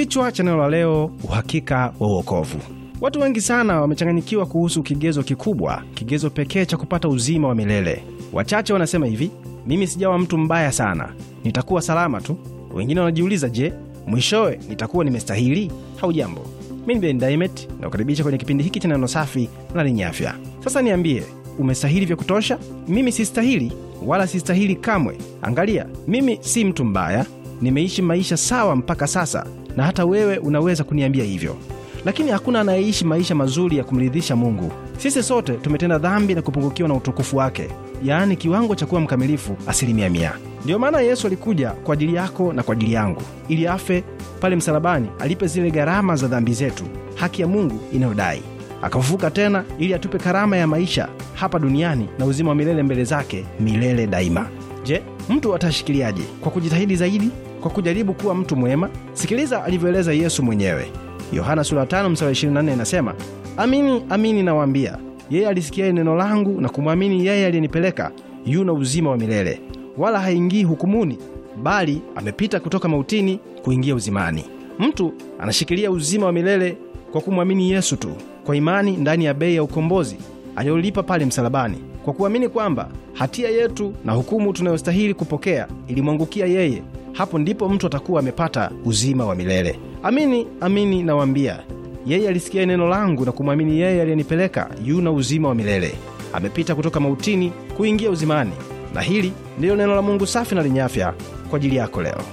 Kichwa cha neno la leo, uhakika wa uokovu. Watu wengi sana wamechanganyikiwa kuhusu kigezo kikubwa, kigezo pekee cha kupata uzima wa milele. Wachache wanasema hivi, mimi sijawa mtu mbaya sana, nitakuwa salama tu. Wengine wanajiuliza, je, mwishowe nitakuwa nimestahili? Haujambo, mi ni Ben nakukaribisha na kukaribisha kwenye kipindi hiki cha neno safi na lenye afya. Sasa niambie, umestahili vya kutosha? Mimi sistahili, wala sistahili kamwe. Angalia, mimi si mtu mbaya nimeishi maisha sawa mpaka sasa, na hata wewe unaweza kuniambia hivyo. Lakini hakuna anayeishi maisha mazuri ya kumridhisha Mungu. Sisi sote tumetenda dhambi na kupungukiwa na utukufu wake, yaani kiwango cha kuwa mkamilifu asilimia mia. Ndiyo maana Yesu alikuja kwa ajili yako na kwa ajili yangu, ili afe pale msalabani, alipe zile gharama za dhambi zetu, haki ya Mungu inayodai akafufuka tena ili atupe karama ya maisha hapa duniani na uzima wa milele mbele zake milele daima. Je, mtu atashikiliaje? Kwa kujitahidi zaidi? kwa kujaribu kuwa mtu mwema? Sikiliza alivyoeleza Yesu mwenyewe. Yohana sura 5 mstari 24 inasema, amini amini nawaambia, yeye alisikiaye neno langu na kumwamini yeye aliyenipeleka yuna uzima wa milele, wala haingii hukumuni, bali amepita kutoka mautini kuingia uzimani. Mtu anashikilia uzima wa milele kwa kumwamini Yesu tu kwa imani ndani ya bei ya ukombozi aliyolipa pale msalabani, kwa kuamini kwamba hatia yetu na hukumu tunayostahili kupokea ilimwangukia yeye hapo ndipo mtu atakuwa amepata uzima wa milele. Amini amini nawaambia, yeye alisikia neno langu na kumwamini yeye aliyenipeleka yuna uzima wa milele, amepita kutoka mautini kuingia uzimani. Na hili ndilo neno la Mungu safi na lenye afya kwa ajili yako leo.